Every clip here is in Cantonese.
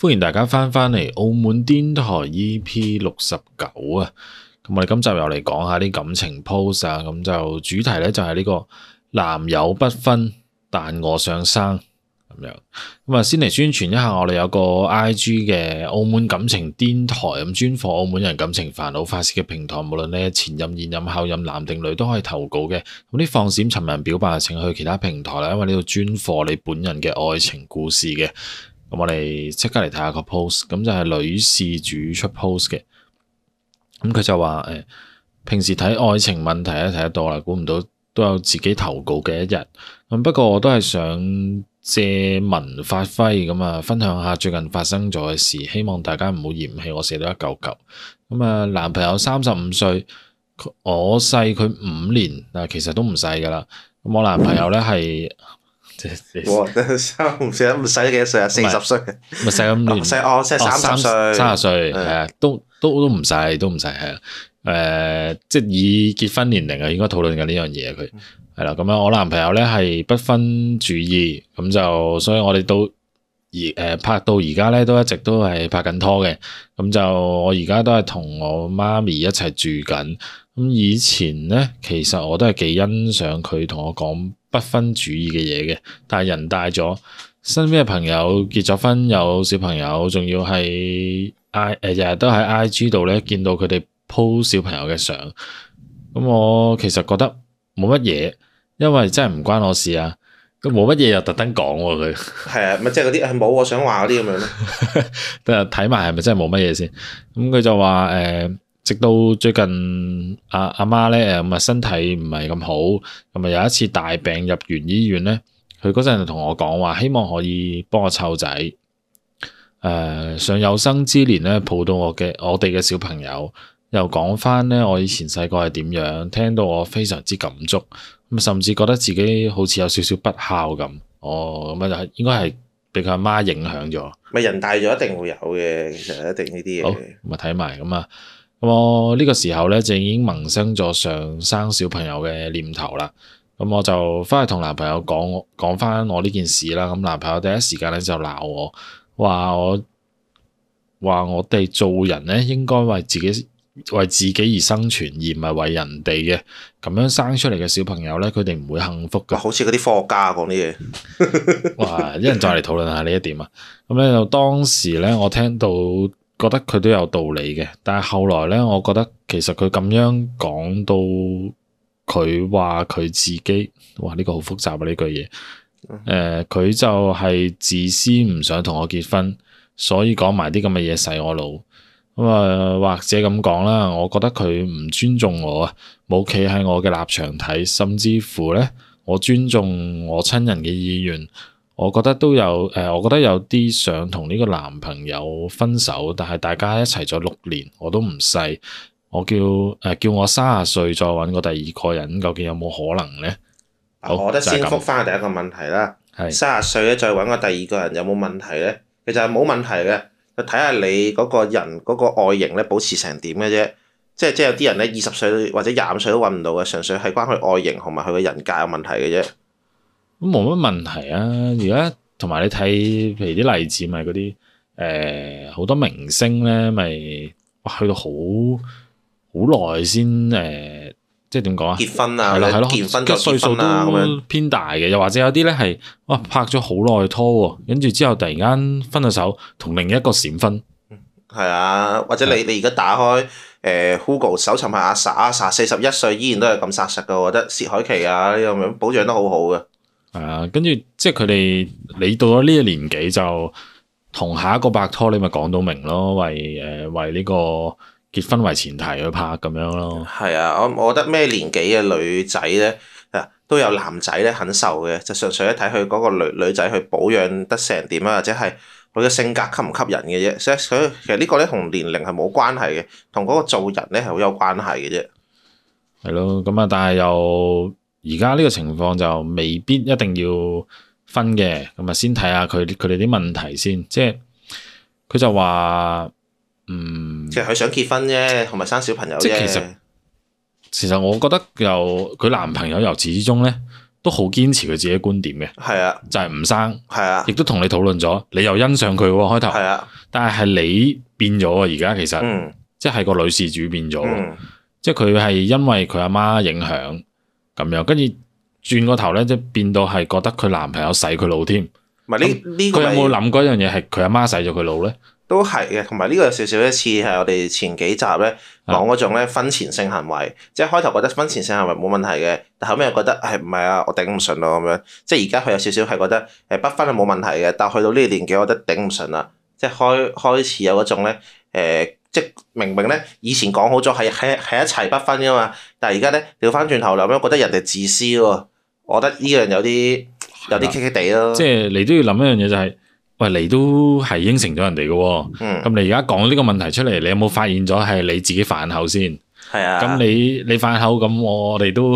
歡迎大家翻返嚟澳門癲台 E P 六十九啊！咁我哋今集又嚟講下啲感情 post 啊！咁就主題呢、這個，就係呢個男友不婚，但我想生咁樣。咁啊，先嚟宣傳一下，我哋有個 I G 嘅澳門感情癲台，咁專貨澳門人感情煩惱發洩嘅平台，無論你前任、現任、後任，男定女都可以投稿嘅。咁啲放閃尋人表白請去其他平台啦，因為呢度專貨你本人嘅愛情故事嘅。咁我哋即刻嚟睇下一個 post，咁就係女事主出 post 嘅，咁佢就話誒，平時睇愛情問題咧睇得多啦，估唔到都有自己投稿嘅一日。咁不過我都係想借文發揮，咁啊分享下最近發生咗嘅事，希望大家唔好嫌棄我寫得一嚿嚿。咁啊，男朋友三十五歲，我細佢五年，但其實都唔細噶啦。咁我男朋友咧係。哇！都生唔使唔使幾多歲啊？四十歲唔使咁，細哦，即係三十歲，三十歲係啊，都都都唔使，都唔使。係啊。誒、呃，即係以結婚年齡啊，應該討論緊呢樣嘢佢係啦。咁樣，我男朋友咧係不分主義，咁就所以我哋到而誒拍到而家咧都一直都係拍緊拖嘅。咁就我而家都係同我媽咪一齊住緊。咁以前咧，其實我都係幾欣賞佢同我講。不分主義嘅嘢嘅，但係人大咗，身邊嘅朋友結咗婚，有小朋友，仲要喺 I 誒日日都喺 IG 度咧，見到佢哋 po 小朋友嘅相，咁我其實覺得冇乜嘢，因為真係唔關我事啊，佢冇乜嘢又特登講佢。係啊，咪即係嗰啲係冇我想話嗰啲咁樣咯，但係睇埋係咪真係冇乜嘢先，咁佢就話誒。呃直到最近阿阿、啊啊、媽咧咁啊身體唔係咁好，咁埋有一次大病入完醫院咧，佢嗰陣同我講話希望可以幫我湊仔，誒、呃，上有生之年咧抱到我嘅我哋嘅小朋友，又講翻咧我以前細個係點樣，聽到我非常之感觸，咁啊甚至覺得自己好似有少少不孝咁，哦，咁啊就係應該係俾佢阿媽影響咗，咪人大咗一定會有嘅，其實一定呢啲嘢，咁啊睇埋咁啊。咁呢個時候咧，就已經萌生咗想生小朋友嘅念頭啦。咁我就翻去同男朋友講講翻我呢件事啦。咁男朋友第一時間咧就鬧我，話我話我哋做人咧應該為自己為自己而生存，而唔係為人哋嘅。咁樣生出嚟嘅小朋友咧，佢哋唔會幸福嘅。好似嗰啲科學家講啲嘢。話 哇！一陣再嚟討論下呢一點啊。咁咧就當時咧，我聽到。覺得佢都有道理嘅，但係後來咧，我覺得其實佢咁樣講到，佢話佢自己，哇呢、這個好複雜啊呢句嘢，誒、呃、佢就係自私唔想同我結婚，所以講埋啲咁嘅嘢洗我腦，咁、呃、啊或者咁講啦，我覺得佢唔尊重我，冇企喺我嘅立場睇，甚至乎咧，我尊重我親人嘅意願。我覺得都有誒、呃，我覺得有啲想同呢個男朋友分手，但係大家一齊咗六年，我都唔細，我叫誒、呃、叫我卅歲再揾個第二個人，究竟有冇可能呢？啊就是、我覺得先覆返第一個問題啦，三十是歲咧再揾個第二個人有冇問題呢？其實冇問題嘅，就睇下你嗰個人嗰個外形咧保持成點嘅啫，即係即係有啲人咧二十歲或者廿五歲都揾唔到嘅，純粹係關佢外形同埋佢個人格有問題嘅啫。咁冇乜問題啊！而家同埋你睇，譬如啲例子咪嗰啲誒好多明星咧，咪、呃、哇去到好好耐先誒，即係點講啊？結婚啊了，或者結婚歲數啦咁樣偏大嘅，又或者有啲咧係哇拍咗好耐拖，跟住之後突然間分咗手，同另一個閃婚。係啊，或者你、啊、你而家打開誒、呃、Google 搜尋下阿 Sa，阿 Sa 四十一歲依然都係咁殺實嘅，我覺得薛凱琪啊呢咁樣保養得好好嘅。係啊，跟住即係佢哋，你到咗呢個年紀就同下一個拍拖，你咪講到明咯，為誒為呢個結婚為前提去拍咁樣咯。係啊，我我覺得咩年紀嘅女仔咧，啊都有男仔咧肯受嘅，就純粹一睇佢嗰個女女仔去保養得成點啊，或者係佢嘅性格吸唔吸引嘅啫。所以佢其實呢個咧同年齡係冇關係嘅，同嗰個做人咧係好有關係嘅啫。係咯，咁啊，但係又。而家呢個情況就未必一定要分嘅，咁啊先睇下佢佢哋啲問題先。即係佢就話，嗯，即係佢想結婚啫，同埋生小朋友啫。其實，其實我覺得由佢男朋友由始至終咧，都好堅持佢自己觀點嘅。係啊，就係唔生。係啊，亦都同你討論咗，你又欣賞佢喎開頭。係啊，但係係你變咗啊！而家其實，嗯，即係個女事主變咗。嗯，即係佢係因為佢阿媽影響。咁樣，跟住轉個頭咧，即係變到係覺得佢男朋友洗佢腦添。唔係呢呢，佢有冇諗過一樣嘢係佢阿媽洗咗佢腦咧？都係嘅，同埋呢個有少少一次係我哋前幾集咧講嗰種咧婚前性行為，的即係開頭覺得婚前性行為冇問題嘅，但後尾又覺得係唔係啊？我頂唔順咯咁樣。即係而家佢有少少係覺得誒不婚係冇問題嘅，但係去到呢個年紀我覺得頂唔順啦。即係開開始有嗰種咧誒。呃即明明咧，以前講好咗係係係一齊不分噶嘛，但係而家咧掉翻轉頭，咁樣覺得人哋自私喎。我覺得呢樣有啲、嗯、有啲棘棘地咯。即係你都要諗一樣嘢，就係、是，喂，你都係應承咗人哋嘅，咁、嗯、你而家講呢個問題出嚟，你有冇發現咗係你自己反口先？係啊，咁你你反口，咁 我哋都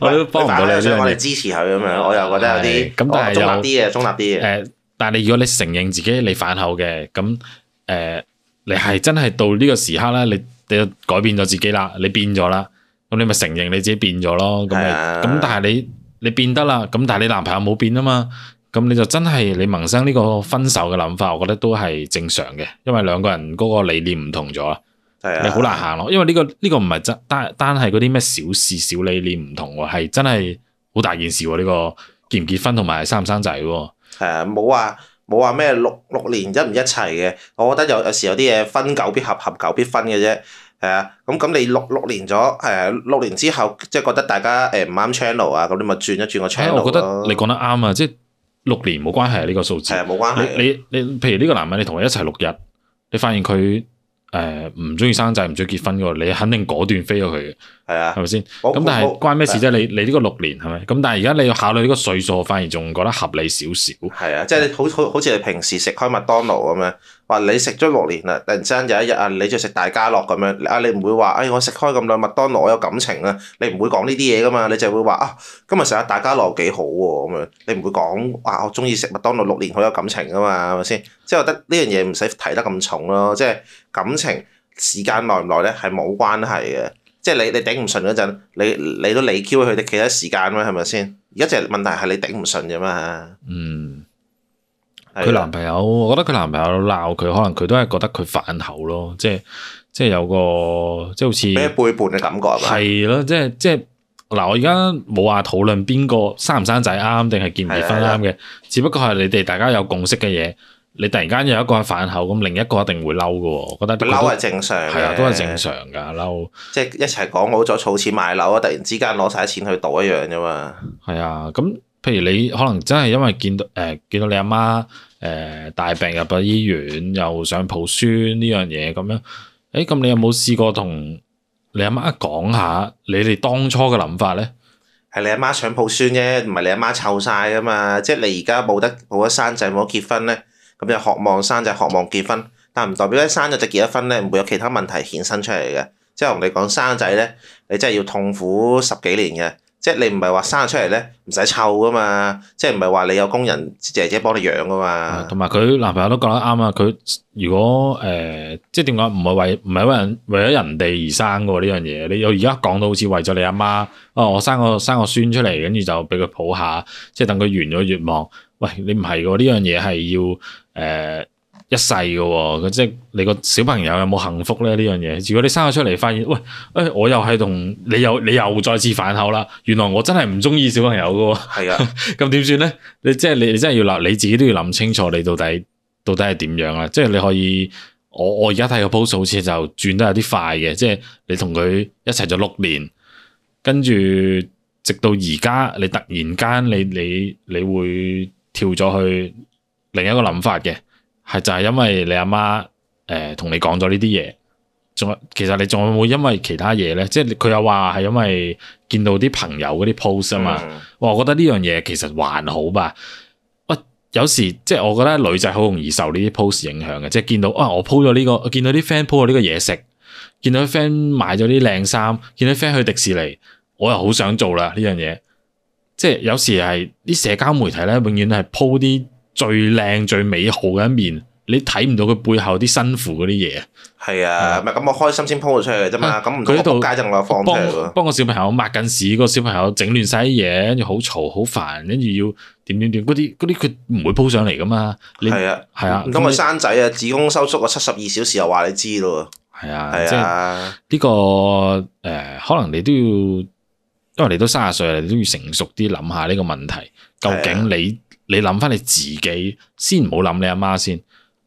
我都幫唔到你呢樣嘢。你我哋支持佢咁樣，嗯、我又覺得有啲中立啲嘅，中立啲嘅。誒，但係你如果你承認自己你反口嘅，咁。誒、呃，你係真係到呢個時刻啦，你你就改變咗自己啦，你變咗啦，咁你咪承認你自己變咗咯。係啊。咁但係你你變得啦，咁但係你男朋友冇變啊嘛，咁你就真係你萌生呢個分手嘅諗法，我覺得都係正常嘅，因為兩個人嗰個理念唔同咗。係啊。你好難行咯。因為呢個呢個唔係真單單係嗰啲咩小事小理念唔同，係真係好大件事啊。呢個結唔結婚同埋生唔生仔。係啊，冇話。冇話咩六六年一唔一齊嘅，我覺得有有時有啲嘢分久必合，合久必分嘅啫，係啊，咁咁你六六年咗，誒六年之後即係覺得大家誒唔啱 channel 啊，咁你咪轉一轉個 channel。哎、我覺得你講得啱啊，嗯、即係六年冇關係啊呢、呢個數字，冇關係啊、你你你譬如呢個男人你同佢一齊六日，你發現佢誒唔中意生仔，唔中意結婚嘅喎，你肯定果斷飛咗佢嘅。係、嗯、啊，係咪先？咁但係關咩事啫？你你呢個六年係咪？咁但係而家你要考慮呢個歲數，反而仲覺得合理少少。係啊，即係你好好好似你平時食開麥當勞咁樣，話你食咗六年啦，突然之間有一日啊，你就要食大家樂咁樣啊，你唔會話誒、哎、我食開咁耐麥當勞我有感情啊，你唔會講呢啲嘢噶嘛？你就會話啊，今日食下大家樂幾好喎咁樣，你唔會講哇我中意食麥當勞六年好有感情噶嘛係咪先？即係我覺得呢樣嘢唔使提得咁重咯，即係感情時間耐唔耐咧係冇關係嘅。即係你你頂唔順嗰陣，你你都理 Q 佢哋其他時間咩係咪先？而家就問題係你頂唔順啫嘛。嗯，佢男朋友，我覺得佢男朋友鬧佢，可能佢都係覺得佢反口咯，即係即係有個即係好似俾背叛嘅感覺。係咯，即係即係嗱，我而家冇話討論邊個生唔生仔啱定係結唔結婚啱嘅，的只不過係你哋大家有共識嘅嘢，你突然間有一個反口，咁另一個一定會嬲噶喎。覺得嬲係正常，係啊，都係正常噶嬲。即係一齊講好咗儲錢買樓啊，突然之間攞晒啲錢去賭一樣啫嘛。係、嗯、啊，咁譬如你可能真係因為見到誒、呃、見到你阿媽誒大病入咗醫院，又想抱孫呢樣嘢咁樣，誒、欸、咁你有冇試過同你阿媽講下你哋當初嘅諗法咧？係你阿媽想抱孫啫，唔係你阿媽湊晒噶嘛。即係你而家冇得冇得生仔，冇得結婚咧。咁就渴望生就渴望結婚，但唔代表咧生咗就結咗婚咧，唔會有其他問題衍生出嚟嘅。即係同你講，生仔咧，你真係要痛苦十幾年嘅。即係你唔係話生咗出嚟咧唔使湊噶嘛，即係唔係話你有工人姐姐幫你養噶嘛？同埋佢男朋友都講得啱、呃、啊！佢如果誒即係點講？唔係為唔係為為咗人哋而生嘅喎呢樣嘢。你有而家講到好似為咗你阿媽，哦我生個生個孫出嚟，跟住就俾佢抱下，即係等佢圓咗願望。喂，你唔係喎，呢樣嘢係要誒、呃、一世嘅喎、哦，即係你個小朋友有冇幸福呢？呢樣嘢，如果你生咗出嚟，發現喂，誒、哎、我又係同你又你又再次反口啦，原來我真係唔中意小朋友嘅喎、哦，係啊的，咁點算呢？你即係你，你真係要諗，你自己都要諗清楚，你到底到底係點樣啊？即係你可以，我我而家睇個 post 好似就轉得有啲快嘅，即係你同佢一齊咗六年，跟住直到而家，你突然間你你你，你，你會。跳咗去另一個諗法嘅，係就係因為你阿媽誒同、呃、你講咗呢啲嘢，仲其實你仲會唔會因為其他嘢咧？即係佢又話係因為見到啲朋友嗰啲 post 啊嘛嗯嗯哇，我覺得呢樣嘢其實還好吧。喂、啊，有時即係我覺得女仔好容易受呢啲 post 影響嘅，即係見到啊我 po 咗呢個，見到啲 friend po 咗呢個嘢食，見到啲 friend 買咗啲靚衫，見到 friend 去迪士尼，我又好想做啦呢樣嘢。即係有時係啲社交媒體咧，永遠係鋪啲最靚最美好嘅一面，你睇唔到佢背後啲辛苦嗰啲嘢。係啊，咪咁、啊、 我開心先鋪咗出嚟嘅啫嘛。咁佢度街仲有放出嚟幫個小朋友抹緊屎，個小朋友整亂晒啲嘢，跟住好嘈好煩，跟住要點點點嗰啲啲，佢唔會鋪上嚟噶嘛。係啊係啊，咁咪生仔啊，子宮收縮個七十二小時又話你知咯。係啊係啊，呢個誒可能你都要。因為你都三十歲，你都要成熟啲諗下呢個問題。究竟你你諗翻你自己，先唔好諗你阿媽先。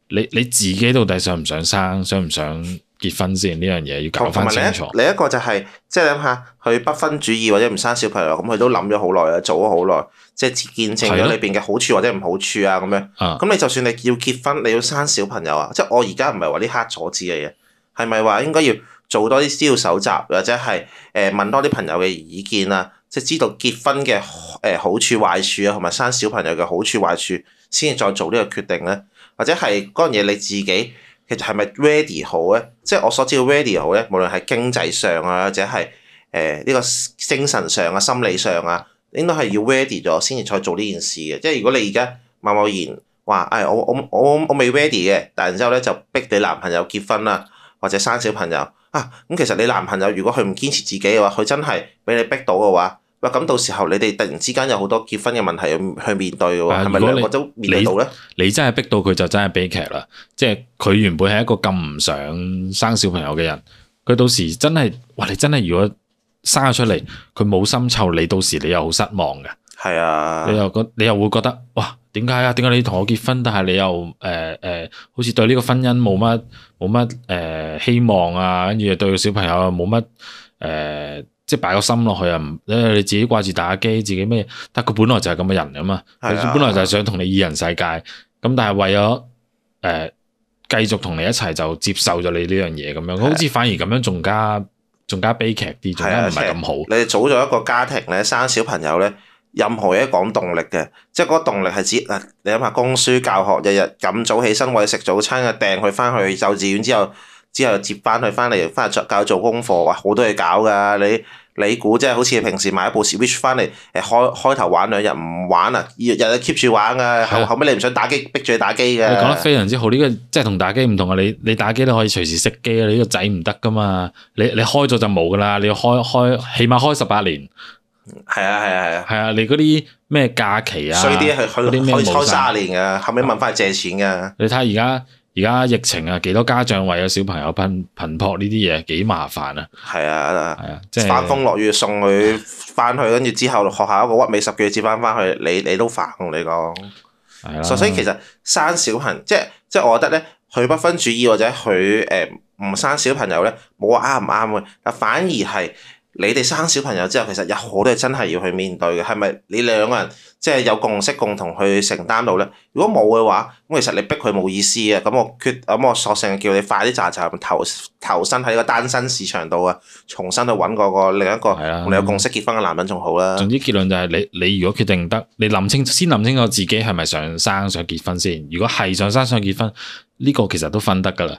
你你自己到底想唔想生，想唔想結婚先？呢樣嘢要搞翻清楚。另一個就係、是、即係諗下佢不婚主義或者唔生小朋友，咁佢都諗咗好耐啊，做咗好耐，即係見證咗裏邊嘅好處或者唔好處啊。咁樣的，咁你就算你要結婚，你要生小朋友啊即？即係我而家唔係話呢刻阻止嚟嘅，係咪話應該要？做多啲資料搜集，或者係誒問多啲朋友嘅意見啊，即係知道結婚嘅誒好處壞處啊，同埋生小朋友嘅好處壞處，先至再做呢個決定咧。或者係嗰樣嘢你自己其實係咪 ready 好咧？即係我所知嘅 ready 好咧，無論係經濟上啊，或者係誒呢個精神上啊、心理上啊，應該係要 ready 咗先至再做呢件事嘅。即係如果你而家貿貿然話誒我我我我未 ready 嘅，但係之後咧就逼你男朋友結婚啦，或者生小朋友。啊，咁其實你男朋友如果佢唔堅持自己嘅話，佢真係俾你逼到嘅話，喂，咁到時候你哋突然之間有好多結婚嘅問題要去面對嘅喎，係咪、啊、兩個都面對到咧？你真係逼到佢就真係悲劇啦，即係佢原本係一個咁唔想生小朋友嘅人，佢到時真係，哇！你真係如果生咗出嚟，佢冇心湊你，到時你又好失望嘅。係啊，你又覺你又會覺得哇！點解啊？點解你同我結婚，但係你又誒誒、呃呃，好似對呢個婚姻冇乜冇乜誒希望啊？跟住對個小朋友冇乜誒，即係擺個心落去啊？唔、呃、咧你自己掛住打機，自己咩？但佢本來就係咁嘅人噶嘛，佢是、啊、本來就想同你二人世界。咁是、啊、但係為咗誒繼續同你一齊，就接受咗你呢樣嘢咁樣。是啊、好似反而咁樣，仲加仲加悲劇啲，仲加唔係咁好。啊、你組咗一個家庭咧，生小朋友咧。任何嘢講動力嘅，即係嗰個動力係指嗱、啊，你諗下，供書教學，日日咁早起身為食早餐啊，掟佢翻去幼稚園之後，之後接翻佢翻嚟，翻嚟教做功課，哇，好多嘢搞噶，你你估即係好似平時買一部 Switch 翻嚟，誒開開頭玩兩日唔玩啊，日日 keep 住玩噶，的後後尾你唔想打機，逼住你打機嘅。你講得非常之好，呢、這個即係、就是、同打機唔同啊！你你打機都可以隨時熄機，你呢個仔唔得噶嘛，你你開咗就冇噶啦，你要開開起碼開十八年。係啊係啊係啊，係啊！啊啊你嗰啲咩假期啊，衰啲去去開開三年噶、啊，後尾問翻借錢噶、啊啊。你睇下而家而家疫情啊，幾多家長為咗小朋友頻頻撲呢啲嘢，幾麻煩啊！係啊係啊，即係翻風落雨送佢翻去，跟住之後學校一個屈美十幾接翻翻去，你你都煩我你講。所以、啊、其實生小朋即係即係我覺得咧，佢不分主義或者佢誒唔生小朋友咧，冇話啱唔啱嘅，但反而係。 你哋生小朋友之後，其實有好多真係要去面對嘅，係咪你兩個人即係有共識共同去承擔到呢？如果冇嘅話，咁其實你逼佢冇意思嘅。咁我決咁我索性叫你快啲執執頭投身喺個單身市場度啊！重新去揾嗰個另一個同的你有共識結婚嘅男人仲好啦，嗯。總之結論就係你你如果決定得，你諗清先諗清楚自己係咪想生想結婚先？如果係想生想結婚，呢、呢個其實都分得㗎啦。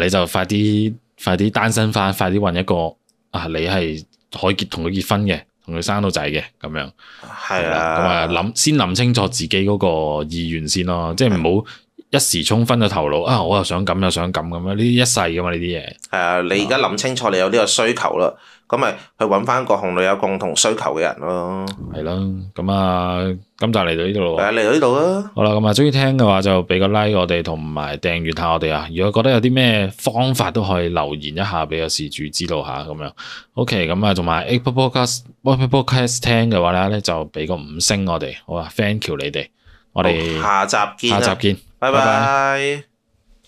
你就快啲快啲單身返，快啲揾一個啊！你係。可以同佢結婚嘅，同佢生到仔嘅咁樣，係啦的，咁啊諗先諗清楚自己嗰個意願先咯，即係唔好。一時衝昏咗頭腦啊！我又想咁，又想咁咁啊！呢啲一世噶嘛，呢啲嘢係啊！你而家諗清楚，你有呢個需求啦，咁咪、啊、去揾翻個同你有共同需求嘅人咯。係咯，咁啊，今集嚟到呢度咯。嚟到呢度啊！好啦，咁、嗯、啊，中意聽嘅話就俾個 like 我哋，同埋訂閱下我哋啊。如果覺得有啲咩方法都可以留言一下俾個事主知道下咁樣。OK，咁、嗯、啊，同埋 Apple Podcast、Apple Podcast 聽嘅話咧，就俾個五星我哋。好啊 thank you 你哋，我哋下，下集見，下集見。拜拜。